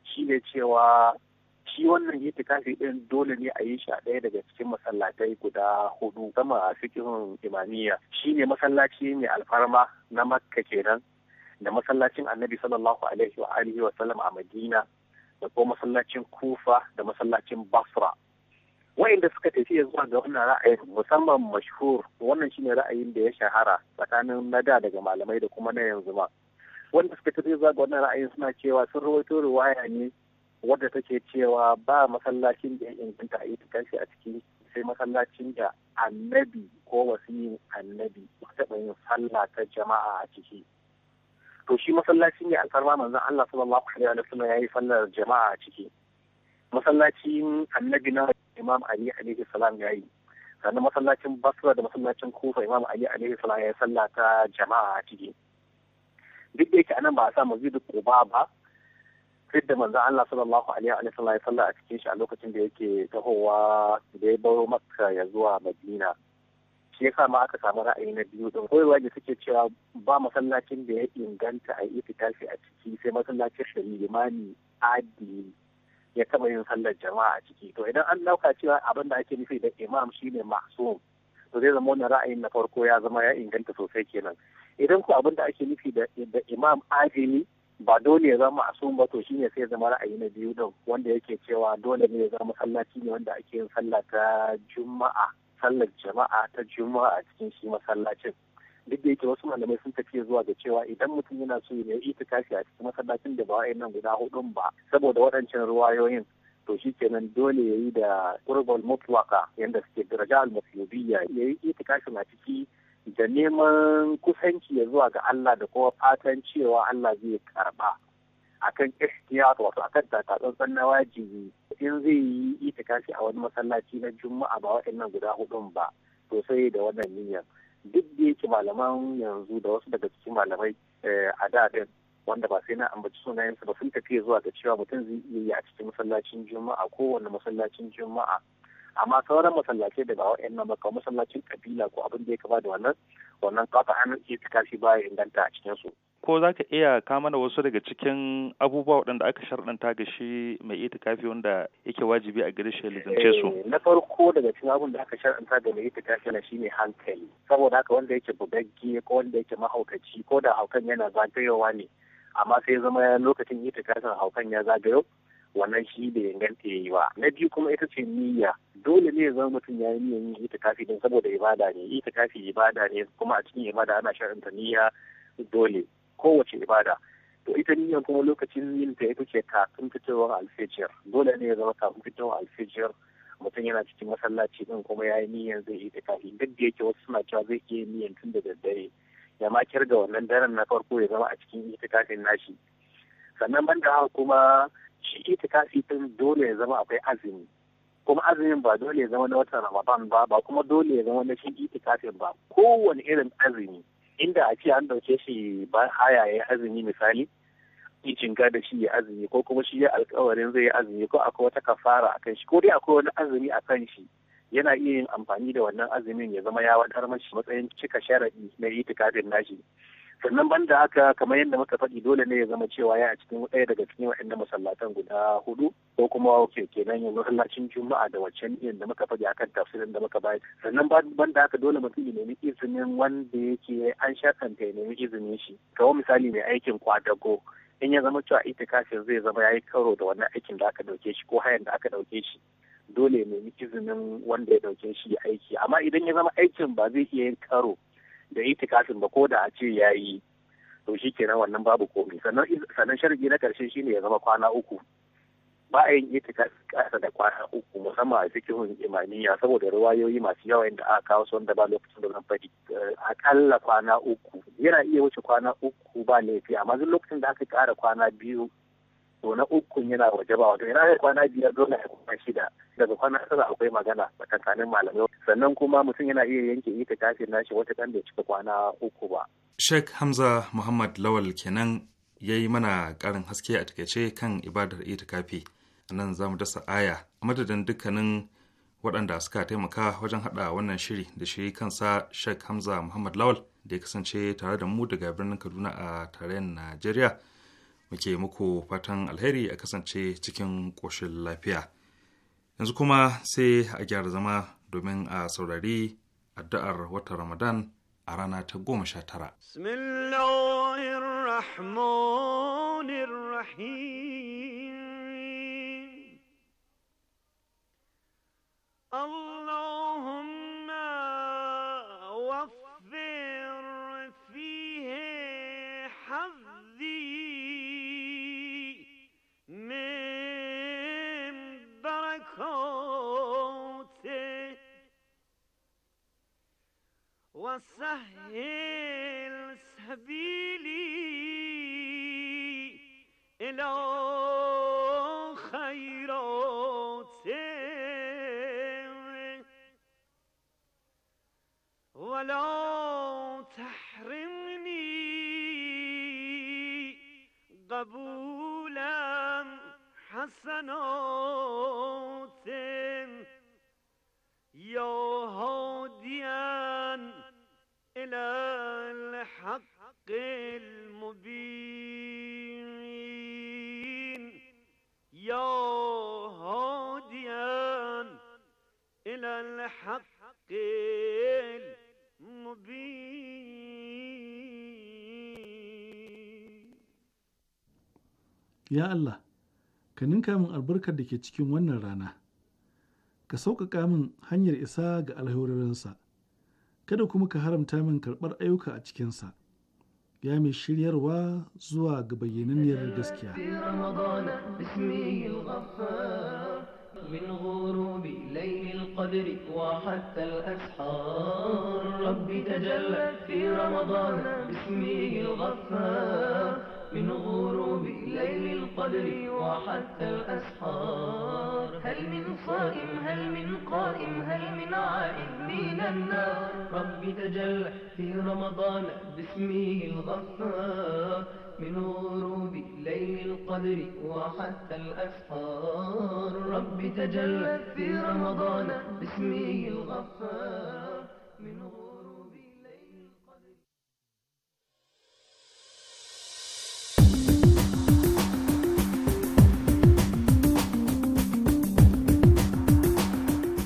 shi ne cewa shi wannan yi itikafi ɗin dole ne a yi shi a ɗaya daga cikin masallatai guda hudu sama a cikin imaniya shi ne masallaci mai alfarma na makka kenan da masallacin annabi sallallahu alaihi wa alihi wa sallam a madina da kuma masallacin kufa da masallacin basra wa'inda suka tafi zuwa ga wannan ra'ayin musamman mashhur wannan shine ra'ayin da ya shahara tsakanin na da daga malamai da kuma na yanzu ma wanda suka tafi zuwa ga wannan ra'ayin suna cewa sun rawaito riwaya ne wadda take cewa ba masallacin da ya inganta a yi a ciki sai masallacin da annabi ko yin annabi ko taɓa yin sallah ta jama'a a ciki to shi masallacin ya alfarma manzon Allah sallallahu alaihi wa sallam yayi sallar jama'a a ciki masallacin annabi na imam ali alaihi salam ya yi sannan masallacin basra da masallacin kufa imam ali alaihi salam ya salla ta jama'a a ciki duk da yake anan ba a sa mazidu quba ba sai da manzo Allah sallallahu alaihi wa sallam ya salla a cikin shi a lokacin da yake tahowa da ya baro makka ya zuwa madina shi yasa ma aka samu ra'ayi na biyu don koyarwa da suke cewa ba masallacin da ya inganta a yi fitafi a ciki sai masallacin shari'a limani ya kama yin sallar jama'a a ciki to idan an ɗauka cewa abin da ake nufi da imam shine masum to zai zama wannan ra'ayin na farko ya zama ya inganta sosai kenan idan ko abin da ake nufi da imam ajini ba dole ya zama asum ba to shine sai zama ra'ayi na biyu din wanda yake cewa dole ne ya zama masallaci ne wanda ake yin sallah ta juma'a sallar jama'a ta juma'a a cikin shi masallacin duk da yake wasu malamai sun tafiya zuwa ga cewa idan mutum yana so ya yi itikafi a cikin masallacin da ba nan guda hudun ba saboda waɗancan ruwayoyin to shi kenan dole ya yi da qurbal mutuwaka yadda suke daraja al ya yi itikafi a ciki da neman kusanci ya zuwa ga Allah da kuma fatan cewa Allah zai karba akan ihtiyat wato akan takatsantsan na wajibi in zai yi itikafi a wani masallaci na juma'a ba waɗannan guda hudun ba to sai da wannan niyyar duk da yake malaman yanzu da wasu daga cikin malamai eh, a da ɗin wanda ba sai na ambaci sunayensu ba sun tafiya zuwa ga cewa mutum zai iya yi a cikin masallacin juma'a kowane masallacin juma'a amma sauran masallacai daga ba wa'annan ba masallacin kabila ko abin da ya kama da wannan wannan kafa an itikafi baya inganta a cikin su ko za ka iya kama da wasu daga cikin abubuwa waɗanda aka sharɗanta ga shi mai itikafi wanda yake wajibi a gare shi ya lizance su. Eh, na farko daga cikin abun da aka sharɗanta ga mai itikafi na shine hankali saboda haka wanda yake bugagge ko wanda yake mahaukaci ko da haukan yana zagayowa ne amma sai ya zama lokacin itikafin haukan ya zagayo wannan shi bai inganta yayi ba na biyu kuma ita ce niyya dole ne ya zama mutum ya yi niyyan yin itikafi don saboda ibada ne itikafi ibada ne kuma a cikin ibada ana sharɗanta niyya dole kowace ibada to ita niyyar kuma lokacin yin ta ita ce kafin fitowar alfijir dole ne ya zama kafin fitowar alfijir mutum yana cikin masallaci din kuma ya yi niyyar zai yi kafin duk da yake wasu suna cewa zai iya niyyar tun da daddare ya ma da wannan daren na farko ya zama a cikin itikafin nashi sannan ban da haka kuma shi itikafi din dole ya zama akwai azumi kuma azumin ba dole ya zama na watan ramadan ba ba kuma dole ya zama na shi itikafin ba kowane irin azumi inda a ce an ɗauke shi ba haya ya azumi misali yi da shi ya azumi ko kuma shi ya alkawarin zai yi azumi ko akwai wata kafara akan shi ko dai akwai wani azumi a kan shi yana iya yin amfani da wannan azumin ya zama ya wadar mashi matsayin cika sharaɗi na itikadin nashi sannan banda haka kamar yadda muka faɗi dole ne ya zama cewa ya a cikin ɗaya daga cikin waɗannan masallatan guda hudu ko kuma ke kenan yanzu masallacin juma'a da waccan yadda muka faɗi akan tafsirin da muka bayar sannan banda haka dole mutum ya nemi izinin wanda yake an shakanta ya nemi izinin shi kawai misali mai aikin kwadago in ya zama cewa itikafin zai zama ya yi karo da wannan aikin da aka ɗauke shi ko hayan da aka ɗauke shi dole ya nemi izinin wanda ya ɗauke shi aiki amma idan ya zama aikin ba zai iya yin karo da itikafin ba ko da a ce ya yi to shi kenan wannan babu komai sannan sharadi na karshe ne ya zama kwana uku ba a yin itikafi kasa da kwana uku musamman a fikihun imaniya saboda ruwayoyi masu yawa da aka kawo su wanda ba lokacin da zan akalla eh, kwana uku yana iya wuce kwana uku ba laifi amma duk lokacin da aka ƙara kwana biyu to na ukun yana waje ba wato yana da kwana biyar dole ya kwana shida daga kwana tara akwai magana tsakanin malamai sannan kuma mutum yana iya yanke ita kafin nashi wata kan da cika kwana uku ba. Sheikh Hamza Muhammad Lawal kenan ya yi mana karin haske a takaice kan ibadar itikafi a nan za mu dasa aya a madadin dukkanin waɗanda suka taimaka wajen haɗa wannan shiri da shi kansa Sheikh Hamza Muhammad Lawal da ya kasance tare da mu daga birnin Kaduna a tarayyar Najeriya muke muku fatan alheri a kasance cikin ƙoshin lafiya. yanzu kuma sai a gyara zama domin a saurari addu'ar watan ramadan a rana ta goma sha tara Allah سهل سبيلي إلى خيراتك ولا تحرمني قبولا حسنات يا إلى الحق المبين يا هاديا إلى الحق المبين يا الله ka ninka min albarkar da ke cikin wannan rana, ka sauƙaƙa min hanyar isa ga alherorinsa. kada kuma ka haramta min karɓar ayyuka a cikinsa ya mai shiryarwa zuwa ga bayyananniyar gaskiya من غروب ليل القدر وحتى الأسحار ربي تجلى في رمضان باسمه الغفار من غروب ليل القدر وحتى الأسحار هل من صائم هل من قائم هل من عائد من النار رب تجل في رمضان باسمه الغفار من غروب ليل القدر وحتى الأسحار رب تجل في رمضان باسمه الغفار من غروب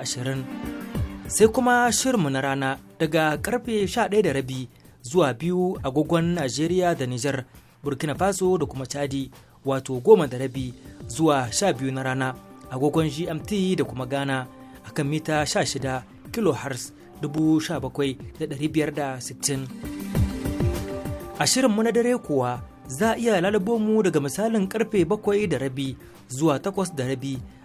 ashirin sai kuma shirinmu na rana daga karfe 11:00 zuwa biyu agogon Najeriya da Nijar Burkina Faso da kuma Chadi wato goma da rabi zuwa sha biyu na rana agogon GMT da kuma Ghana a kan mita 16 kHz 17,560 a shirinmu na dare kuwa za a iya lalabo mu daga misalin karfe bakwai da rabi zuwa takwas da rabi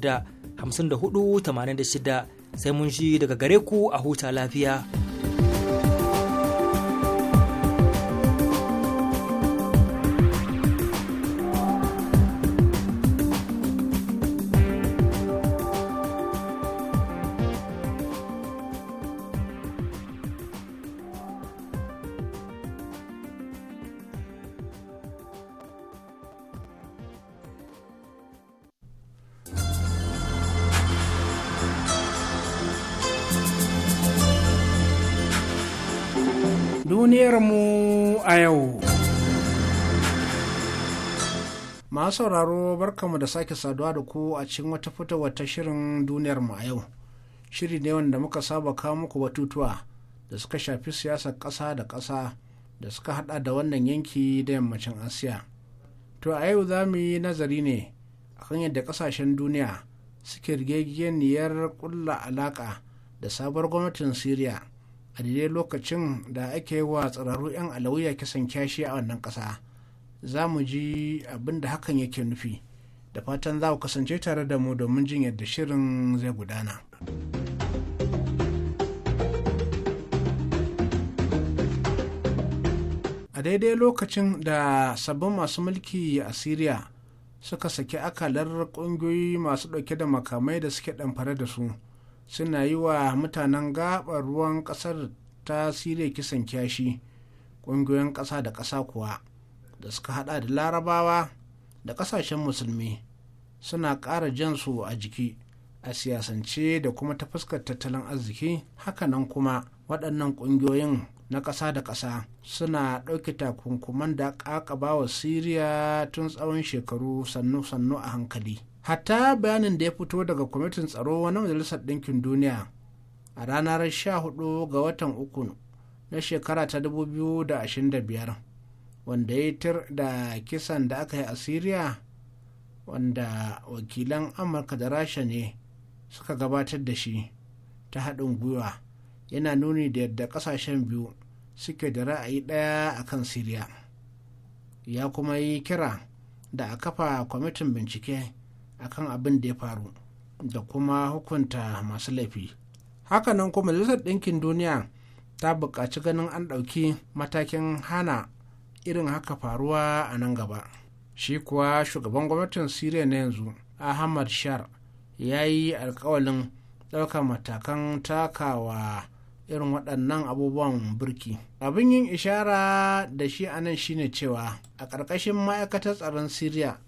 da 86 sai mun shi daga gare ku a huta lafiya. yau. Masu sauraro barkamu da sake saduwa da ku a cikin wata fita wata shirin duniyar mu a yau. Shiri ne wanda muka saba kawo muku batutuwa da suka shafi siyasar ƙasa da ƙasa da suka hada da wannan yanki da yammacin Asiya. To a yau za mu yi nazari ne akan yadda ƙasashen duniya suke niyyar ƙulla alaƙa da sabuwar gwamnatin Siriya. a daidai lokacin da ake wa tsararru 'yan alawiya kisan kyashi a wannan ƙasa za mu ji abin da hakan yake nufi da fatan za ku kasance tare da mu domin jin yadda shirin zai gudana. a daidai lokacin da sabbin masu mulki a syria suka saki akalar ƙungiyoyi masu ɗauke da makamai da suke ɗanfare da su suna yi wa mutanen gabar ruwan kasar ta siriya kisan kyashi ƙungiyoyin ƙasa da ƙasa kuwa da suka hada da larabawa da ƙasashen musulmi suna ƙara jansu a jiki a siyasance da kuma ta fuskar tattalin arziki hakanan kuma waɗannan ƙungiyoyin na ƙasa da ƙasa suna ɗauke takunkuman da ƙaƙaba wa siriya tun tsawon shekaru sannu-sannu a hankali hatta bayanin da ya fito daga kwamitin tsaro na majalisar ɗinkin duniya a ranar 14 ga watan uku na shekara ta 2025 wanda ya tir da kisan da aka yi a syria wanda wakilan amurka da rasha ne suka gabatar da shi ta haɗin gwiwa yana nuni da yadda ƙasashen biyu suke da ra'ayi ɗaya a kan syria ya kuma yi kira da a kafa kwamitin bincike akan abin da ya faru da kuma hukunta masu laifi hakanan kuma majalisar ɗinkin duniya ta buƙaci ganin an ɗauki matakin hana irin haka faruwa a nan gaba shi kuwa shugaban gwamnatin siriya na yanzu ahmad shar ya yi alkawalin ɗaukar matakan takawa irin waɗannan abubuwan birki abin yin ishara da shi a nan shine cewa a ƙarƙashin ma'aikatar tsaron siriya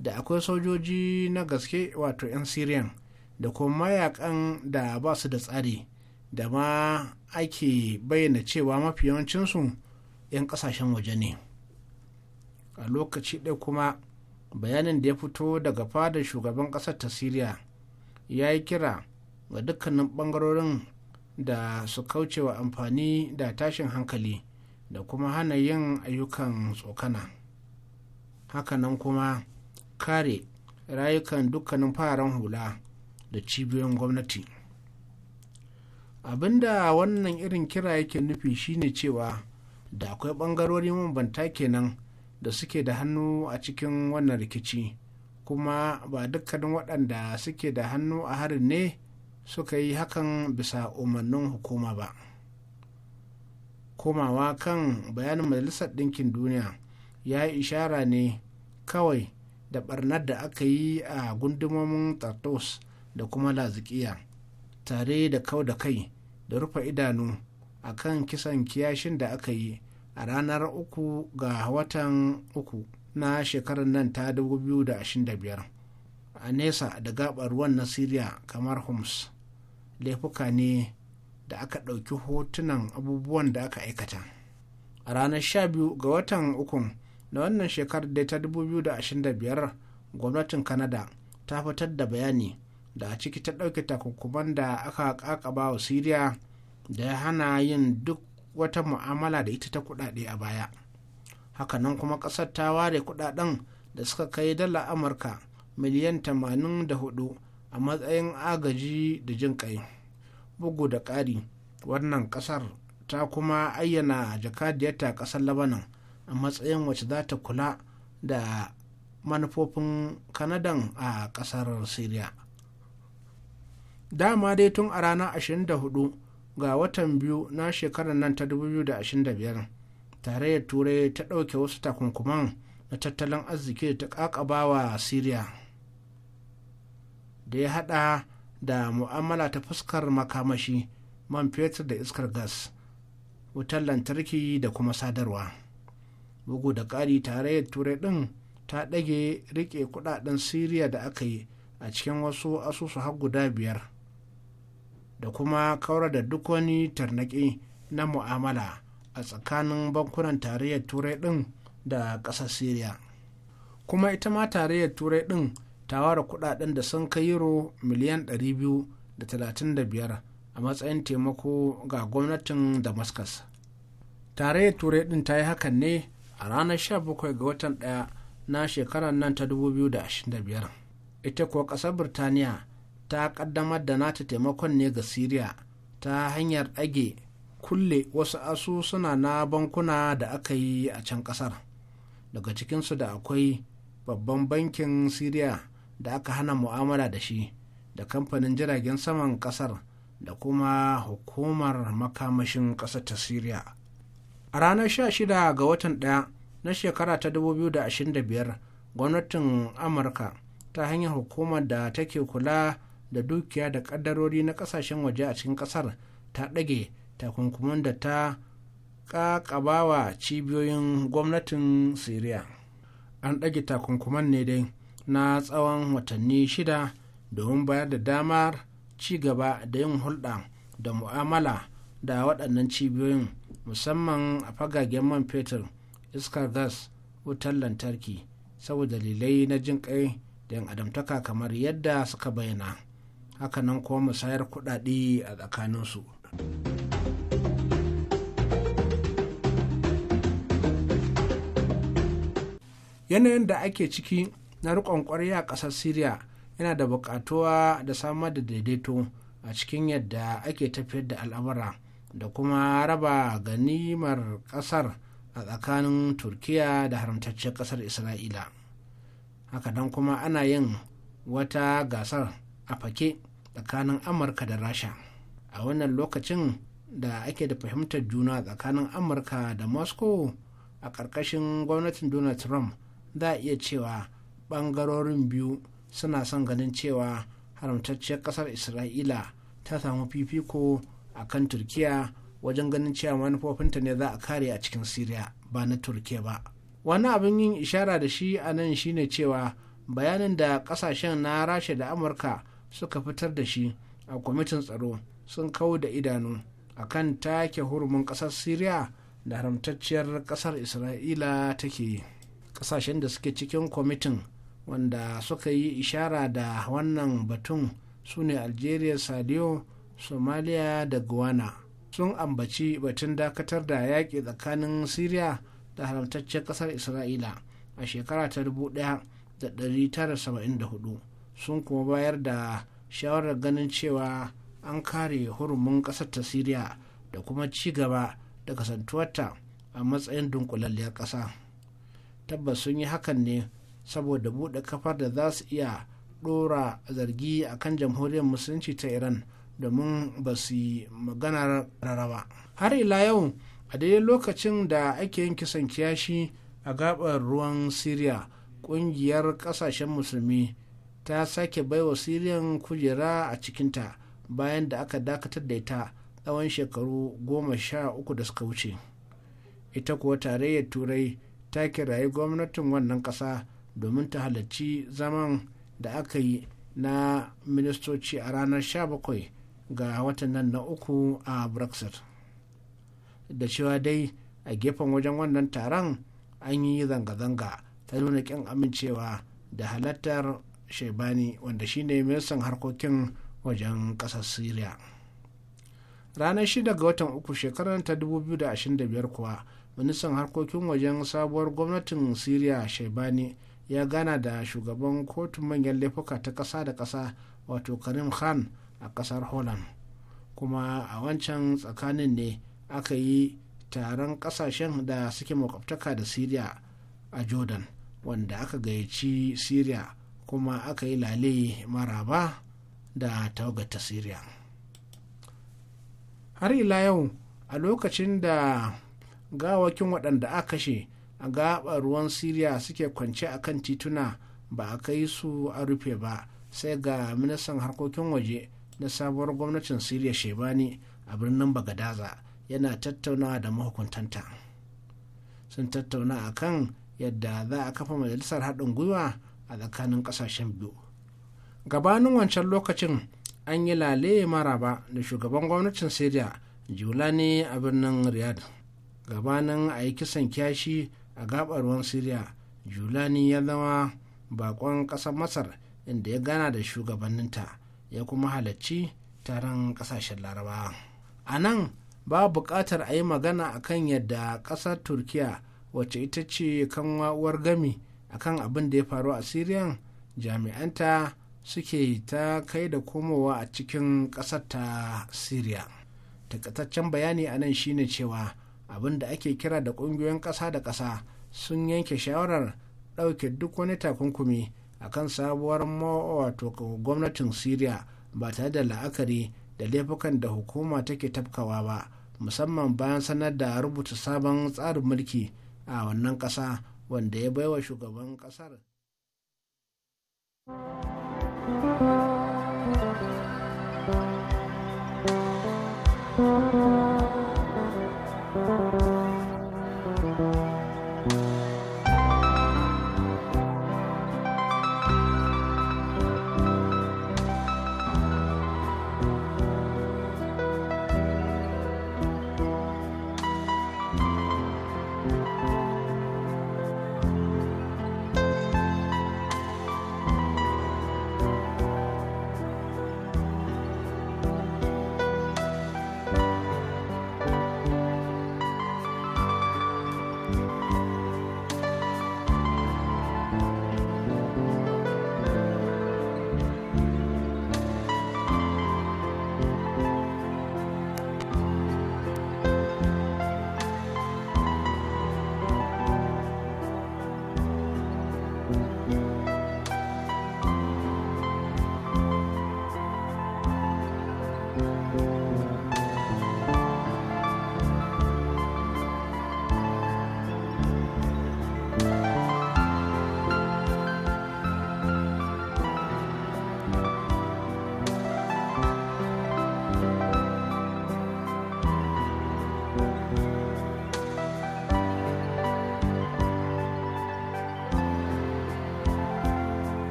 da akwai sojoji na gaske wato 'yan syrian da kuma mayakan da ba su da tsari da ma ake bayyana cewa mafi yawancinsu 'yan kasashen waje ne a lokaci ɗaya kuma bayanin da ya fito daga fadar shugaban ƙasar ta syria ya yi kira ga dukkanin ɓangarorin da su kaucewa amfani da tashin hankali da kuma hana yin ayyukan tsokana hakanan kuma kare rayukan dukkanin fararen hula da cibiyoyin gwamnati abinda wannan irin kira yake nufi shine cewa da akwai bangarori mabanta kenan da suke da hannu a cikin wannan rikici kuma ba dukkanin waɗanda suke da hannu a harin ne suka yi hakan bisa umarnin hukuma ba komawa kan bayanin majalisar ɗinkin duniya ya yi ishara ne kawai da barnar da aka yi a gundumomin tartos da kuma lazikiya tare da kau da kai da rufe idanu a kan kisan kiyashin da aka yi a ranar uku ga watan uku na shekarar nan ta 2025 a nesa da gabar ruwan na kamar homs laifuka ne da aka ɗauki hotunan abubuwan da aka aikata a ranar 12 ga watan ukun na wannan shekarar da ta 2025 gwamnatin canada ta fitar da bayani da a ciki ta ɗauke takunkuman da aka kakaba wa syria da ya hana yin duk wata mu'amala da ita ta kuɗaɗe a baya hakanan kuma ƙasar ta ware kuɗaɗen da suka kai dala amurka miliyan 84 a matsayin agaji da jin ƙai bugu da ƙari wannan ƙasar ta kuma ayyana jakadiyarta ƙasar labanan a matsayin wacce za ta kula da manufofin kanadan a kasar syria dama dai tun a ranar 24 ga watan biyu na shekarar nan ta 2025 tarayyar turai ta ɗauke wasu takunkuman na tattalin arziki da ta ƙaƙabawa wa syria da ya hada da mu'amala ta fuskar makamashi man fetur da iskar gas wutar lantarki da kuma sadarwa. bugu da ƙari tarayyar turai ɗin ta ɗage riƙe kuɗaɗen siriya da aka yi a cikin wasu asusu har guda biyar da kuma kawar da duk wani tarnaƙi na mu'amala a tsakanin bankunan tarayyar turai ɗin da ƙasar siriya kuma ita ma tarayyar turai ɗin ta ware kuɗaɗen da sun kai euro miliyan biyar a matsayin taimako ga gwamnatin damascus tarayyar turai ɗin ta yi hakan ne a ranar 17 ga watan ɗaya na shekarar nan ta 2025 ita kuwa ƙasar birtaniya ta ƙaddamar da nata taimakon ne ga syria ta hanyar ɗage kulle wasu asusuna na bankuna da aka yi a can ƙasar daga cikinsu da akwai babban bankin syria da aka hana mu'amala da shi da kamfanin jiragen saman ƙasar da kuma hukumar makamashin ƙasar ta syria a ranar 16 ga watan ɗaya na shekara ta 2025 gwamnatin amurka ta hanyar hukumar da take kula da dukiya da kaddarori na kasashen waje a cikin kasar ta ɗage takunkuman da ta ƙaƙabawa cibiyoyin gwamnatin syria an ɗage takunkuman ne dai na tsawon watanni shida domin bayar da damar ci gaba da yin hulɗa da mu'amala da waɗannan cibiyoyin musamman a fagagen man fetur iskar gas wutar lantarki saboda dalilai na jin kai da yan adamtaka kamar yadda suka bayyana hakanan kuma musayar kudade a tsakaninsu yanayin da ake ciki na rikon kwarya a ƙasar syria yana da buƙatuwa da samar da daidaito a cikin yadda ake tafiyar da al'amura da kuma raba ganimar kasar a tsakanin turkiya da haramtacciyar kasar isra'ila haka don kuma ana yin wata gasar a fake tsakanin amurka da rasha a wannan lokacin da ake da fahimtar juna tsakanin amurka da moscow a ƙarƙashin gwamnatin donald trump za a iya cewa ɓangarorin biyu suna son ganin cewa haramtacciyar ƙasar isra'ila ta samu fifiko a kan turkiya wajen ganin cewa manufofinta ne za a kare a cikin siriya ba na turkiya ba wani abin yin ishara da shi a nan shine cewa bayanin da kasashen na rasha da amurka suka fitar da shi a kwamitin tsaro sun kawo da idanu akan take hurumin kasar syria da haramtacciyar kasar isra'ila take yi kasashen da suke cikin kwamitin wanda suka yi ishara da wannan batun su ne algeria sadio somalia da guana sun ambaci batun dakatar da yaƙi tsakanin syria da haramtaccen ƙasar isra'ila a shekara ta 1974 sun kuma bayar da shawarar ganin cewa an kare hurumin ƙasar ta syria da kuma ci gaba da kasantuwarta a matsayin dunkulalliyar ƙasa tabbas sun yi hakan ne saboda buɗe kafar da za su iya ɗora zargi a kan jamhuriyar musulunci ta iran da mun ba su yi maganar raraba har ila yau a daidai lokacin da ake yin kisan kiyashi a gabar ruwan syria ƙungiyar ƙasashen musulmi ta sake baiwa syrian kujera a cikinta bayan da aka dakatar da ita tsawon shekaru goma sha uku da suka wuce ita kuwa tarayyar turai ta kirayi gwamnatin wannan ƙasa domin ta halarci zaman da aka yi na ministoci a ranar 17 ga watan nan na uku a brexit da cewa dai a gefen wajen wannan taron an yi zanga-zanga ta nuna kin amincewa da halattar shaibani wanda shine ministan harkokin wajen ƙasar syria ranar 6 ga watan uku shekarar ta 2025 kuwa ministan harkokin wajen sabuwar gwamnatin syria shaibani ya gana da shugaban kotun manyan laifuka ta kasa da kasa wato karim khan a ƙasar holland kuma a wancan tsakanin ne aka yi taron ƙasashen da suke makwabtaka da syria a jordan wanda aka gayyaci syria kuma aka yi lale maraba da taugata syria har ila yau a lokacin da gawakin waɗanda aka kashe a gaɓar ruwan syria suke kwance a kan tituna ba a kai su a rufe ba sai ga ministan harkokin waje na sabuwar gwamnatin siriya shebani a birnin bagadaza yana tattaunawa da mahukuntanta sun tattauna a kan yadda za a kafa majalisar haɗin gwiwa a tsakanin ƙasashen biyu gabanin wancan lokacin an yi lale maraba da shugaban gwamnatin siriya julani a birnin riyadh gabanin a yi kisan kyashi a gabar ruwan siriya julani ya zama bakon ƙasar masar inda ya gana da shugabanninta ya kuma halarci taron kasashen laraba a nan ba buƙatar a yi magana a kan yadda ƙasar turkiya wacce ita ce kan uwar gami a kan abin da ya faru a siriyan jami'anta suke ta kai da komowa a cikin ƙasar ta syria takataccen bayani a nan shine cewa abin da ake kira da ƙungiyoyin ƙasa da ƙasa sun yanke shawarar ɗauke duk wani takunkumi akan sabuwar wato gwamnatin syria ba tare da la'akari da laifukan da hukuma take tafkawa ba musamman bayan sanar da rubuta sabon tsarin mulki a wannan kasa wanda ya baiwa shugaban ƙasar.